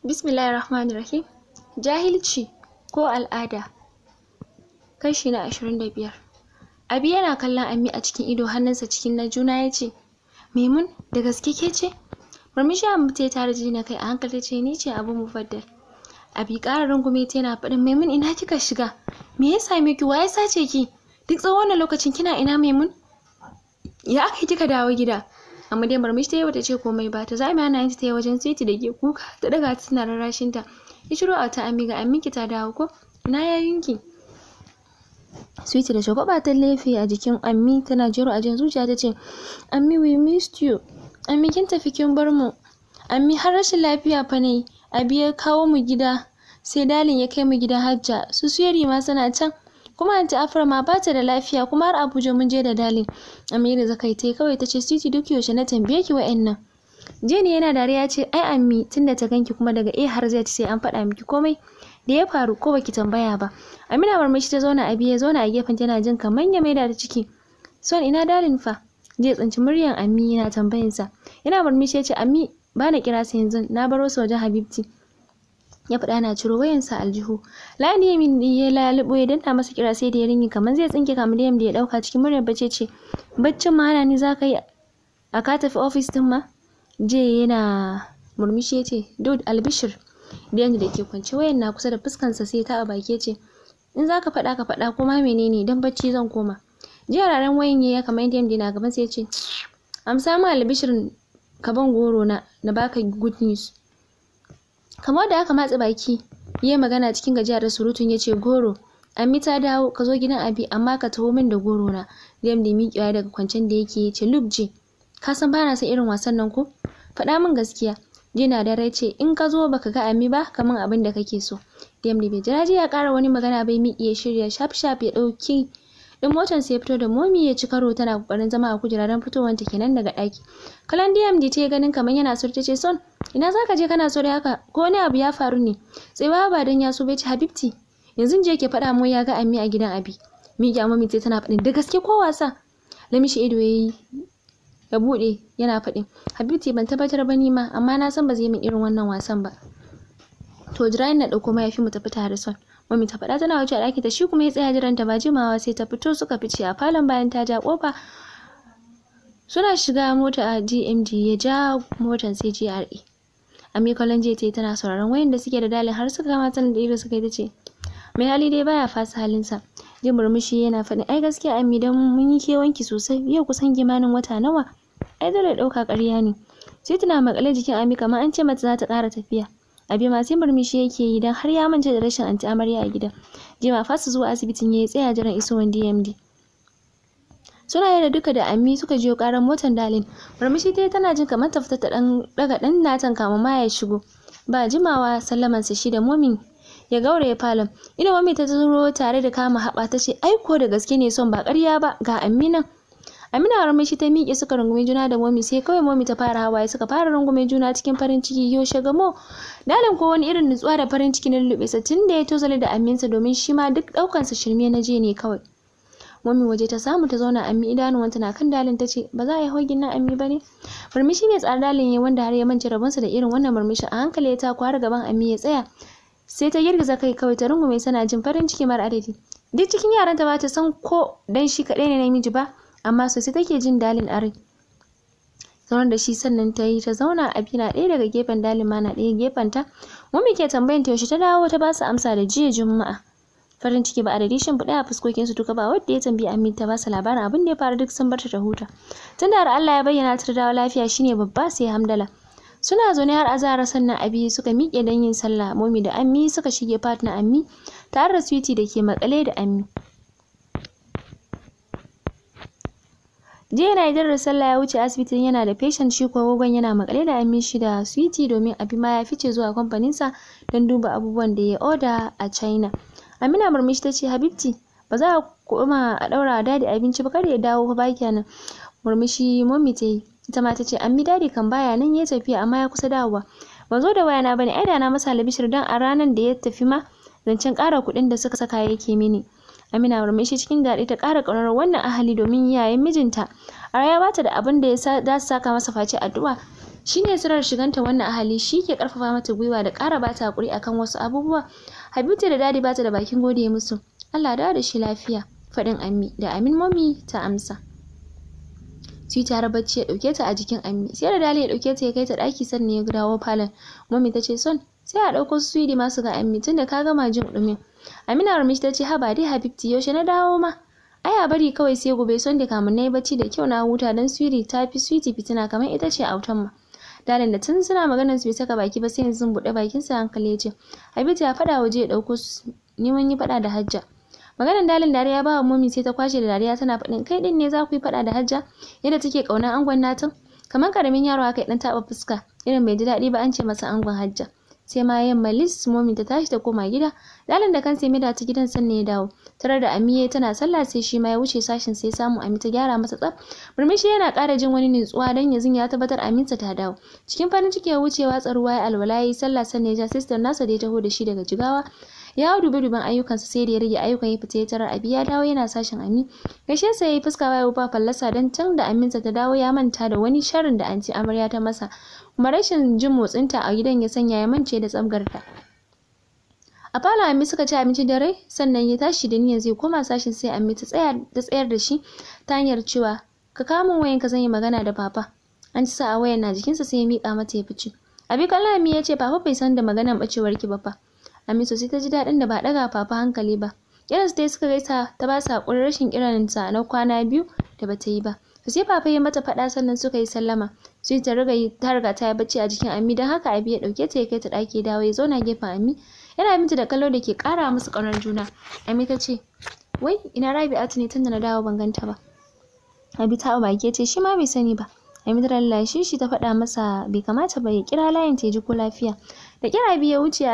Bismillahirrahmanirrahim. Jahilci ko al'ada. Kashi na ashirin da biyar. Abi yana kallon Ammi a cikin ido hannunsa cikin na juna ya ce, Maimun, da gaske ke ce? Murmushi Ammi ta tare jina kai a hankali ta ce ni ce abu mufaddal. Abi ƙara rungume ta yana faɗin Maimun ina kika shiga? Me ya same ki? Wa ya sace ki? Duk tsawon wannan lokacin kina ina Maimun? Ya aka kika dawo gida? amma dai murmushi ta yi bata ce komai ba ta zame hannayen ta yi wajen titi da ke kuka ta daga ta tana rarrashin ta ya shiro a ta amiga aminki ta dawo ko na yayinki Sweetie da shagwaba ta laifi a jikin Ammi tana jero a jin zuciya ta ce Ammi we missed you Ammi kin tafi kin bar mu Ammi har rashin lafiya fa ne Abi ya kawo mu gida sai dalin ya kai mu gida Hajja su suyari ma suna can kuma anti afra ma ba ta da lafiya kuma har abuja mun je da dalin yi ta tai kawai ta ce siti duk yaushe na tambaye ki wa'annan jeni yana dariya ce ai ammi tunda ta ganki kuma daga a har zai sai an faɗa miki komai da ya faru ko baki tambaya ba amina marmashi ta zauna a biye zauna a gefen tana jin kamar ya maida ta ciki son ina dalin fa je tsinci muryan ammi yana tambayinsa yana marmashi ya ce ammi bana kira sa yanzu na baro su wajen habibti ya faɗa na ciro wayan wayansa aljihu layin yamin ya lalubo ya danna masa kira sai da ya ringi kamar zai tsinke kamar da ya dauka cikin muryar bace ce baccin ma ana ni zaka yi a ka tafi ofis din ma je yana murmushi ya ce dude albishir biyan da ke kwance wayan na kusa da fuskansa sai ta a baki ce in zaka faɗa ka faɗa kuma menene dan bacci zan koma jiya raran wayan ya kamar yadda na gaban sai ya ce amsa ma albishir ka ban goro na na baka good news kamar da aka matse baki ya magana cikin gajiya da surutun ya ce goro ami ta dawo ka zo gidan abi amma ka taho min da goro na dem da miƙewa daga kwancen da yake ya ce lubji ka san bana san irin wasan nan ko faɗa min gaskiya jina da rai ce in ka zo baka ga ami ba kaman abin da kake so dem da bai jira ya ƙara wani magana bai miƙe ya shirya shaf shaf ya ɗauki in motar sai ya fito da momi ya ci karo tana kokarin zama a kujera don fitowar ta kenan daga daki. Kalan DMD ta ganin kamar yana so ta ce son ina zaka je kana so da haka ko wani abu ya faru ne. Tsayawa ba dan ya so bai ci Habibti yanzu je ke faɗa mu ya ga Ami a gidan Abi. ga mami sai tana faɗin da gaske ko wasa. Lamishi ido yayi ya bude yana faɗin Habibti ban tabbatar ba ni ma amma na san ba zai min irin wannan wasan ba. To jira na ɗauko mayafi mu tafi tare son. Mami ta faɗa tana wuce ɗaki ta shi kuma ya tsaya ta ba jimawa sai ta fito suka fice a falon bayan ta ja ƙofa. Suna shiga mota a DMG ya ja motan sai GRA. Amikolon jiya ta yi tana sauraron wayan da suke da dalin har suka kama tana da ido suka yi ta ce. Mai hali dai baya fasa halinsa. Jin murmushi yana faɗin ai gaskiya Ami dan mun yi kewanki sosai yau kusan gimanin wata nawa. Ai dole ɗauka ƙarya ne. Sai tana makale jikin Ami kamar an ce mata za ta ƙara tafiya. abi ma sai murmushi yake yi dan har ya manta da rashin anti amarya a gidan jima fasu zuwa asibitin ya tsaya jiran isowan dmd suna da duka da Ami suka jiyo karan motar Dalin. Murmushi ta tana jin kamar ta fita ta dan daga dan natan kama ma ya shigo. Ba jimawa sallaman sa shi da Momin ya gauraye falon. Ina mami ta zuro tare da kama haba ta ce aiko da gaske ne son ba ƙarya ba ga Ami Amina a shi ta miƙe suka rungume juna da momi sai kawai momi ta fara hawaye suka fara rungume juna cikin farin ciki yo shagamo. Dalin ko wani irin nutsuwa da farin ciki na lulluɓe sa tun da ya tozale da aminsa domin shi ma duk ɗaukansa shirme na je ne kawai. Momi waje ta samu ta zauna ammi idanuwanta na kan dalin ta ce ba za a yi hogin na ammi ba ne. Murmushi ne tsar dalin ya wanda har ya mance rabonsa da irin wannan murmushi a hankali ya ta har gaban ammi ya tsaya. Sai ta girgiza kai kawai ta rungume sana jin farin ciki mara adadi. Duk cikin yaranta ba ta san ko dan shi kaɗai ne namiji ba amma sosai take jin dalin arin zaunar da shi sannan ta yi ta zauna a na ɗaya daga gefen dalin ma na ɗaya gefen ta mummy ke tambayan ta yaushe ta dawo ta ba su amsa da jiya juma'a farin ciki ba a dadishin buɗe a fuskokin su duka ba wanda ya tambayi Amin ta ba su labarin abin da ya faru duk sun bar ta ta huta tunda har Allah ya bayyana ta dawo lafiya shine babba sai hamdala suna zaune har azara sannan abi suka miƙe don yin sallah momi da ammi suka shige fatina ammi. ammi tare da switi da ke makale da ammi Jiya yana da sallah ya wuce asibitin yana da feshen shi ko gogon yana makale da amin shi da switi domin a fi ma ya fice zuwa sa don duba abubuwan da ya oda a China. Amina murmushi ta ce Habibti ba za a koma a ɗaura dadi abinci ba kada ya dawo ba baki nan. Murmushi mummi ta ita ma ta ce ammi dadi kan baya nan ya tafiya amma ya kusa dawowa. Ban zo da na bane ai da na masa labishir dan a ranar da ya tafi ma zancen kara kuɗin da suka saka yake mini. Amina murmushi cikin daɗi ta ƙara ƙaunar wannan ahali domin yayin mijinta. A ba bata da abin da ya za su saka masa face addu'a. Shine sirar shiganta wannan ahali shi ke ƙarfafa mata gwiwa da ƙara bata haƙuri akan wasu abubuwa. Habibta da dadi bata da bakin gode musu. Allah da da shi lafiya. Faɗin Ammi da Amin Mommy ta amsa. Sai tare bacci ya dauke ta a jikin Ammi. Sai da Dali ya ɗauke ta ya kai ta ɗaki sannan ya dawo falon. Mommy ta ce son sai a ɗauko su Swidi ma ga Ammi tunda ka gama jin ɗumin. Amina Armish ta ce ha haba dai Habibti yaushe na dawo ma. Ai a bari kawai sai gobe da kamun na yi bacci da kyau na huta dan siri ta fi Sweetie fitina kamar ita ce a wutan ma. Dalin da tun suna maganar su bai saka baki ba sai yanzu buɗe bakin sa hankali ya ce Habibti ya faɗa waje ya ɗauko su ni mun yi faɗa da Hajja. Maganar dalin dariya ba wa mummy sai ta kwashe da dariya tana faɗin kai din ne za ku yi faɗa da Hajja yadda take ƙaunar angon natin. Kamar karamin yaro haka ya ɗan taɓa fuska irin bai ji daɗi ba an ce masa angon Hajja. sai ma yamma lis momi ta tashi ta koma gida lalan da kansa ya maida ta gidan sannan ya dawo tare da amiye tana sallah sai shi ma ya wuce sashin sai samu ami ta gyara masa tsaf murmushi yana ƙara jin wani nutsuwa dan yanzun ya tabbatar aminsa ta dawo cikin farin ciki ya wucewa tsaruwa ya alwala yayi sallah sannan ya ja sister nasa da ya taho da shi daga jigawa ya hau dube-duben ayyukansa sai da ya rage ayyukan ya fita ya tarar abi ya dawo yana sashin amin gaishe sa yayi fuska ya ba fallasa dan can da aminsa ta dawo ya manta da wani sharin da anci amarya ta masa kuma rashin jin motsinta a gidan ya sanya ya mance da tsabgarta a falo ammi suka ci abinci da rai sannan ya tashi da niyyar zai koma sashin sai ammi ta tsaya da tsayar da shi ta hanyar cewa ka kama ka zan yi magana da papa an ci sa a wayan na jikinsa sai ya miƙa mata ya fice abi kallon ammi ya ce papa bai san da maganan bacewar ki ba fa Ami sosai ta ji daɗin da ba ɗaga fafa hankali ba. Kiransu dai suka gaisa ta ba su haƙurin rashin kiransa na kwana biyu da bata yi ba. Sosai fafa ya mata faɗa sannan suka yi sallama. Sai ta riga ta riga ta yi bacci a jikin Ami don haka Abi ya ɗauke ta ya kai ta ɗaki dawo ya zauna gefen Ami. Yana abinci da kallo da ke ƙara musu ƙaunar juna. Ami ta ce, Wai, ina Rabi'atu ne da na dawo ban ganta ba. Abi ta ke ce shi ma bai sani ba. Ami ta lallashi shi ta faɗa masa bai kamata ba ya kira layin ta ji ko lafiya. da kira biyu ya wuce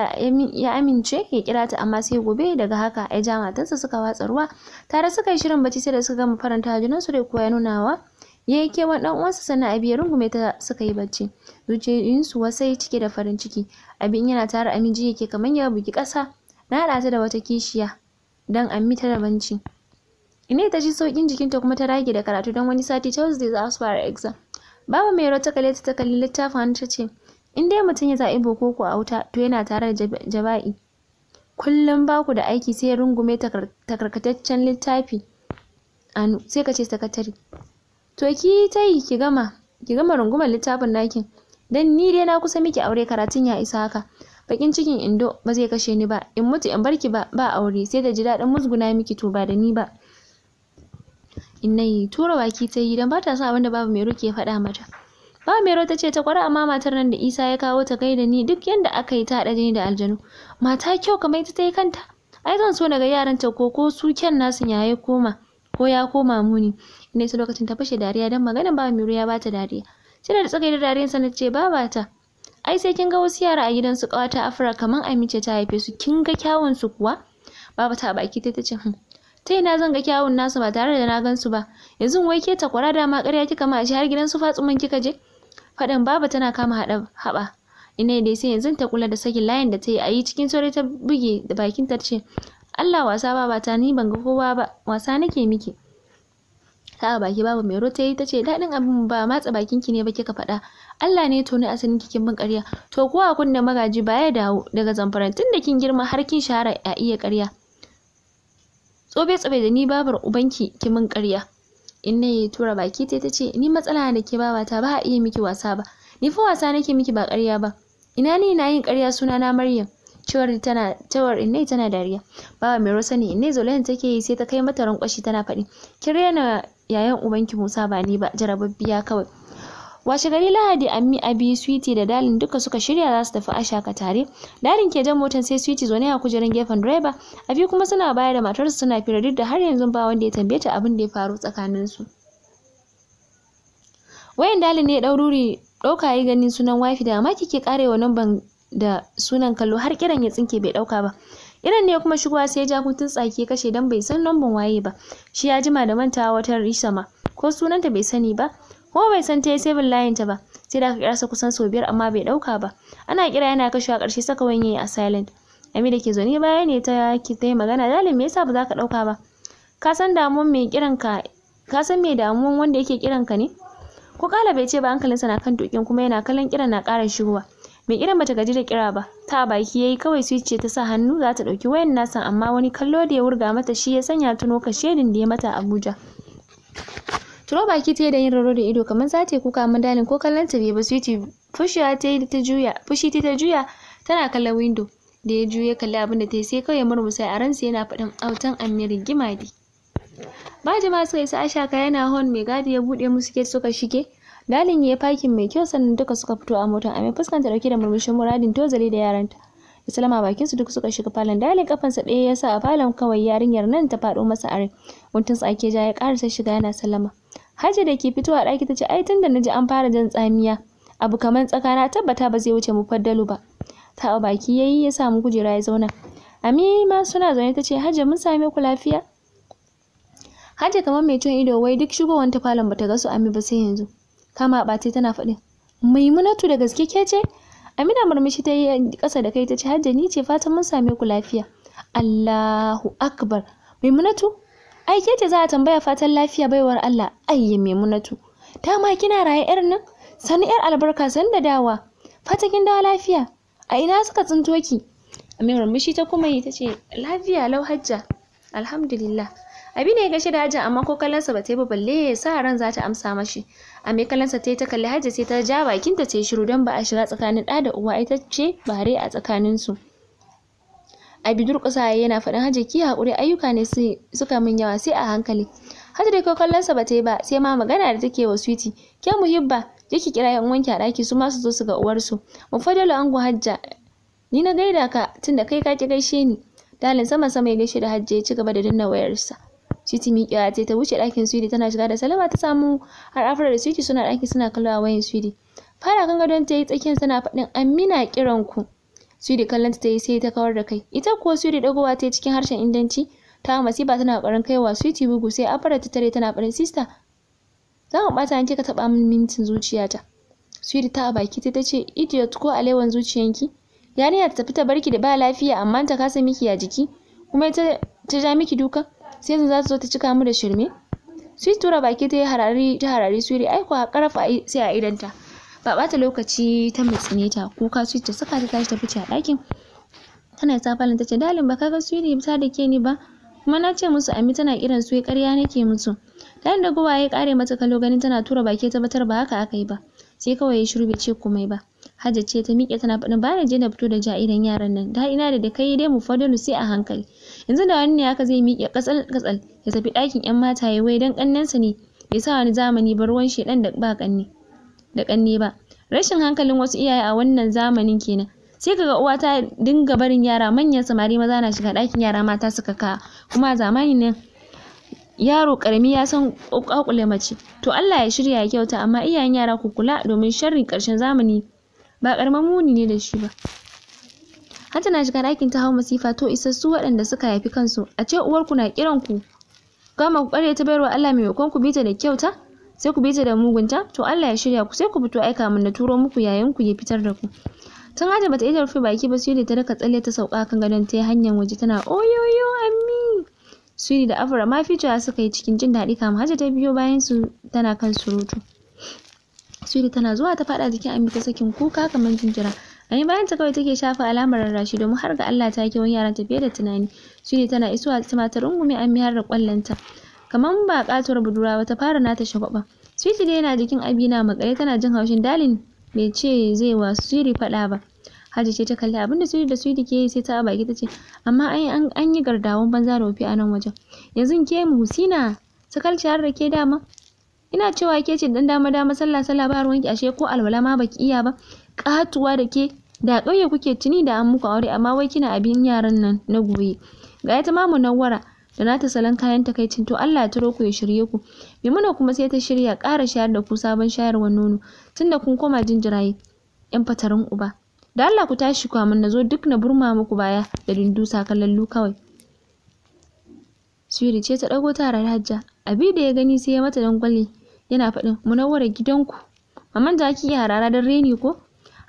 ya amince ya kira ta amma sai gobe daga haka ai ja matarsa suka watsa ruwa tare suka yi shirin bacci sai da suka gama faranta junan su da kuwa ya nunawa ya yi kewan dan uwansa sannan a ya rungume ta suka yi bacci zuciyoyinsu wasai cike da farin ciki abin yana tare amiji yake kamar ya bugi ƙasa na haɗa ta da wata kishiya don mita ta banci ine ta ji saukin jikinta kuma ta rage da karatu don wani sati tuesday za su fara exam babu mai rota kalle ta kalli littafin ta ce in dai mutum ya zaɓi ko a wuta to yana tare da jaba'i kullum baku da aiki sai ya rungume takarkataccen littafi anu sai ka ce sakatare to ki ta yi ki gama ki gama rungumar littafin nakin dan ni dai na kusa miki aure karatun ya isa haka bakin cikin indo ba zai kashe ni ba in mutu in barki ba ba aure sai da ji daɗin musguna miki to ba da ni ba innai tura waki ta yi dan ba ta son abin babu mai ruke faɗa mata Bamero ta ce ta kwara amma matar nan da Isa ya kawo ta gaida ni duk yadda aka yi ta haɗa jini da aljanu. Mata kyau kamar ita ta yi kanta. Ai zan so na ga yaranta ko ko su kyan nasu yaye koma ko ya koma muni. Ina su lokacin ta fashe dariya don maganin Bamero ya bata dariya. Sai da tsagai da dariyar sa na ce babata. Ai sai kin ga wasu yara a gidan su kawata Afra kamar Amince ta haife su kin ga kyawun su kuwa? Baba ta baki ta ce hmm, ta ina zan ga kyawun nasu ba tare da na gan su ba yanzu wai ke takwara da ma karya kika ma shi har gidan su fatsuman kika je faɗan baba tana kama haɗa haɓa ina dai sai yanzu ta kula da sakin layin da ta yi a yi cikin sauri ta buge da bakin ta ce Allah wasa baba ta ni ban ga kowa ba wasa nake miki ta baki babu mai rota yi ce daɗin abin ba matsa bakin ki ne ba kika faɗa Allah ne ni asalin kikin bin ƙarya to kuwa a kunna magaji ba ya dawo daga zamfara tun da kin girma har kin shahara a iya ƙarya tsobe tsobe da ni babar ubanki ki min ƙarya in na tura baki ta ce ni matsala da ke ba ta ba a iya miki wasa ba ni fa wasa nake miki ba ƙarya ba ina ni na yin ƙarya suna na maryam cewar tana cewar innai tana dariya bawa mai rosa ne inna zolayan take yi sai ta kai mata rankwashi tana faɗi kin rena yayan ubanki musa ba ni ba jarababbiya kawai washe gari lahadi a biyu switi da dalin duka suka shirya za su tafi ashaka tare dalin ke jan motar sai switi zaune a kujerun gefen a biyu kuma suna baya da matarsa suna fira da har yanzu ba wanda ya tambaye ta abin da ya faru tsakaninsu wayan dalin ne ya ɗauka yi ganin sunan wifi da mamaki ke karewa numban da sunan kallo har kiran ya tsinke bai ɗauka ba irin ne kuma shigowa sai ja hutun tsaki kashe dan bai san lambar waye ba shi ya jima da mantawa wata risama ko sunanta bai sani ba kuma bai san ta yi layin ta ba sai da aka kira sa kusan sau biyar amma bai dauka ba ana kira yana kashe a ƙarshe saka wani a silent ami da ke zaune baya ne ta ki ta magana dalin me yasa ba za ka dauka ba ka san damuwan mai kiran ka ka san me damuwan wanda yake kiran ka ne ko kala bai ce ba hankalinsa na kan dokin kuma yana kallon kiran na ƙara shigowa mai kiran bata gaji da kira ba ta baki yayi kawai su ce ta sa hannu za ta ɗauki wayan nasa amma wani kallo da ya wurga mata shi ya sanya tuno ka shedin da ya mata Abuja turo baki ta da yin raro da ido kamar za ta yi kuka amma dalin ko kallon ta bai ba switi fushiya ta yi ta juya fushi ta juya tana kallon windo da ya juya kalli abin da ta yi sai kawai murmusa a ransa yana faɗin autan amirin gimadi ba jama'a suka isa ashaka yana hon mai gadi ya buɗe musu gate suka shige dalin ya fakin mai kyau sannan duka suka fito a motar amma fuskanta dauke da murmushin muradin tozali da yaranta da salama bakin su duk suka shiga falon dalin kafansa ɗaya ya sa a falon kawai yarinyar nan ta faɗo masa rai wuntun tsake ja ya ƙarasa shiga yana salama hajji da ke fitowa ɗaki ta ce ai tun da na ji an fara jan tsamiya abu kamar tsakana tabbata ba zai wuce mu faddalu ba ta baki ya yi ya samu kujera ya zauna ami ma suna zaune ta ce hajji mun same ku lafiya hajji kamar mai cin ido wai duk shigowar ta falon bata ga su ami ba sai yanzu kama ɓace tana faɗin maimunatu da gaske ke ce amina murmushi ta yi ƙasa da kai ta ce hajji ni ce fatan mun same ku lafiya allahu akbar maimunatu ai ke ce za a tambaya fatan lafiya baiwar Allah ayye Munatu. ta ma kina raye yar nan sani yar albarka san da dawa fata kin dawo lafiya a ina suka tsinto ki Amin murmushi ta kuma yi tace lafiya lau hajja alhamdulillah abi ne gashi da hajja amma ko kallansa ba ta yi ba balle ya sa ran za ta amsa mashi a mai kallansa ta yi ta kalli hajja sai ta ja bakinta ta yi shiru don ba a shiga tsakanin ɗa da uwa ita ce bare a tsakanin su. Abi durƙusa yana faɗin Hajji ki haƙuri ayyuka ne suka min yawa sai a hankali. Hajji da kai kallonsa ba ta yi ba sai ma magana da take wa switi. Ke muhibba je ki kira yan wanki a ɗaki su ma su zo su ga uwarsu. mu Mufadalu ango Hajja ni na gaida ka tunda kai ka ki gaishe ni. Dalin sama sama ya gaishe da Hajji ya ci gaba da danna wayarsa. switi miƙewa ta ta wuce ɗakin switi tana shiga da salama ta samu har afra da switi suna ɗaki suna kallo wayan switi Fara kan gadon ta yi tsakiyar tana faɗin Amina kiran ku. Sudi kallon ta yi sai ta kawar da kai. Ita kuwa Sudi dagowa ta yi cikin harshen Indanci. Ta masifa tana ƙoƙarin kaiwa Sweetie bugu sai afara ta tare tana faɗin sista. Za mu ɓata yanki ka taɓa min mintin zuciyata. Sweetie ta a baki ta ce idiot ko alewan zuciyanki. Yarinya ta tafi ta barki da ba lafiya amma ta kasa miki ya jiki. Kuma ita ta ja miki duka sai yanzu za ta zo ta cika mu da shirme. Sweetie tura baki ta yi harari ta harari Sweetie ai kuwa ƙarafa sai a idanta. ba bata lokaci ta mutsine ta kuka su ta saka ta tashi ta fice a ɗakin tana isa falon tace dalin ba ka ga suyi ta da ke ni ba kuma na ce musu ami tana kiran su ƙarya nake musu dan da guba ya kare mata kallo ganin tana tura baki tabbatar ba haka aka yi ba sai kawai ya shiru bai ce komai ba Hajja ce ta miƙe tana faɗin ba je na fito da ja idan yaran nan da ina da kai dai mu fadalu sai a hankali yanzu da wani ne haka zai miƙe katsal katsal ya tafi ɗakin yan mata ya wai dan ƙannensa ne bai sa wani zamani ba ruwan shedan da ba ƙanne da ƙanne ba rashin hankalin wasu iyaye a wannan zamanin kenan sai kaga uwa ta dinga barin yara manyan samari maza na shiga ɗakin yara mata suka ka kuma zamani nan yaro karami ya san ƙwaƙule mace to Allah ya shirya ya kyauta amma iyayen yara ku kula domin sharrin ƙarshen zamani ba ƙaramin muni ne da shi ba hata na shiga ɗakin ta hau masifa to su waɗanda suka haifi kansu a ce uwarku na kiran ku kama ku ƙware ta bayarwa Allah maimakon ku bita da kyauta sai ku bi ta da mugunta to Allah ya shirya ku sai ku fito aika mun na turo muku yayin ku ya fitar da ku tun aje bata iya rufe baki ba sai ta daka tsalle ta sauka kan gadon ta hanyar waje tana oyoyo ammi Sudi da Afra ma ya suka yi cikin jin daɗi kama haja ta biyo bayan su tana kan surutu Sudi tana zuwa ta faɗa jikin Ami ta sakin kuka kamar jinjira Ami bayan ta kawai take shafa alamar rarrashi domin har ga Allah ta wani yaran ta fiye da tunani. Shine tana isuwa ta ta rungume Ami har da kwallonta. Kaman ba katuwar budurwa ba ta fara nata shagwaba sweet dai yana jikin abina makare tana jin haushin dalin bai ce zai wa Siri faɗa ba. Hajji ce ta kalli abin da da Switi ke yi sai ta baki ta ce amma an yi gardawan banza da wofi a nan wajen. Yanzu ke mu Husina kalci har da ke dama. Ina cewa ke ce dan dama dama sallah sallah ba ruwanki ashe ko alwala ma baki iya ba. Katuwa da ke da ƙauye kuke tuni da an muku aure amma wai kina abin yaran nan na goye. Ga ita mamu munawwara da nata salon kayan takaicin to Allah ya turo ku ya shirye ku Maimuna kuma sai ta shirya ƙara shayar da ku sabon shayarwar nono tunda kun koma jinjiraye yan fatarin uba da Allah ku tashi mun na zo duk na burma muku baya da dindusa lu kawai Siri ce ta ɗago tara da Hajja abi da ya gani sai ya mata dangwale yana faɗin munawwarar gidanku maman da ki iya harara don reni ko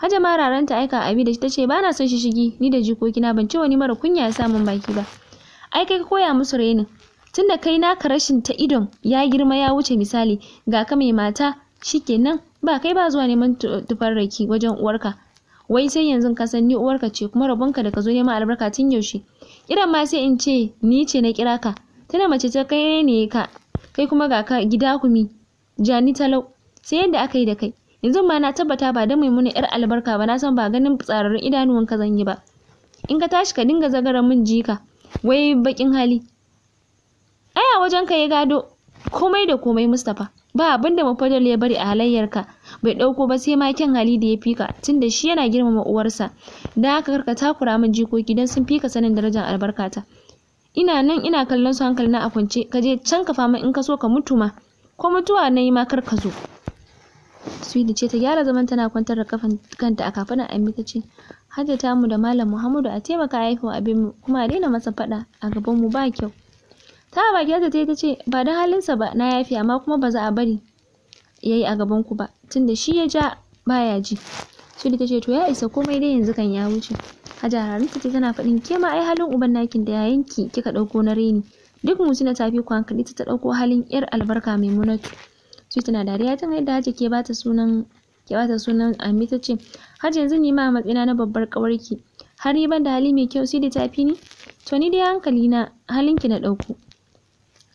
Hajja ma raranta aika abi da ta ce ba na son shi shigi ni da jikokina ban ci wani mara kunya ya samun baki ba. ai kai ka koya musu renin tunda kai naka rashin ta idon ya girma ya wuce misali ga ka mai mata shikenan ba kai ba zuwa neman tufarraki wajen uwarka wai sai yanzu ka san ni uwarka ce kuma rabonka da ka zo neman albarka tun yaushe kiran ma sai in ce ni ce na kira ka tana mace ta kai ne ka kai kuma ga ka gida kumi jani talau sai yadda aka yi da kai yanzu ma na tabbata ba dan maimuna yar albarka ba na san ba ganin tsararrun idanuwan ka zan yi ba in ka tashi ka dinga zagara min jika wai baƙin hali aya wajen ka ya gado komai da komai mustapha ba abinda da mafadal ya bari a halayyar ka bai ɗauko ba sai ma kyan hali da ya fika tunda shi yana girmama uwarsa da haka karka takura min jikoki don sun fika sanin darajar albarkata ina nan ina kallon su hankali na a kwance ka je can ka fama in ka so ka mutu ma ko mutuwa na yi ma kar ka zo Sweden ce ta gyara zaman tana kwantar da kafan kanta a kafin a ta ce, Hajja ta mu da Malam Muhammadu a taimaka a haihu abin mu kuma a daina masa fada a gaban mu ba kyau. Ta ba baki ta ta ce ba da halinsa ba na yafi amma kuma ba za a bari yayi a gaban ku ba tunda shi ya ja baya ji. Sweden ta ce to ya isa komai dai yanzu kan ya wuce. Hajja Harinta ce tana faɗin ke ma ai halin uban nakin da ki kika ɗauko na reni. Duk mu suna tafi kwankali ta ta ɗauko halin 'yar albarka mai munatu. su tana dariya tun yadda hajji ke bata sunan ke bata sunan ami ta ce har yanzu ni ma a na babbar kawarki har yi ban da hali mai kyau sai da tafi ni to ni dai hankali na halinki na ɗauko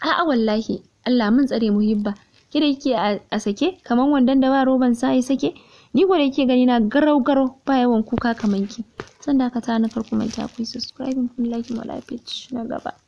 a'a wallahi Allah mun tsare muhibba ki da kike a sake kaman wandan da ba roban sa sake ni gore kike gani na garau garau ba yawan kuka kaman ki san ka ta na farko mai ta ku subscribe kun like mu na gaba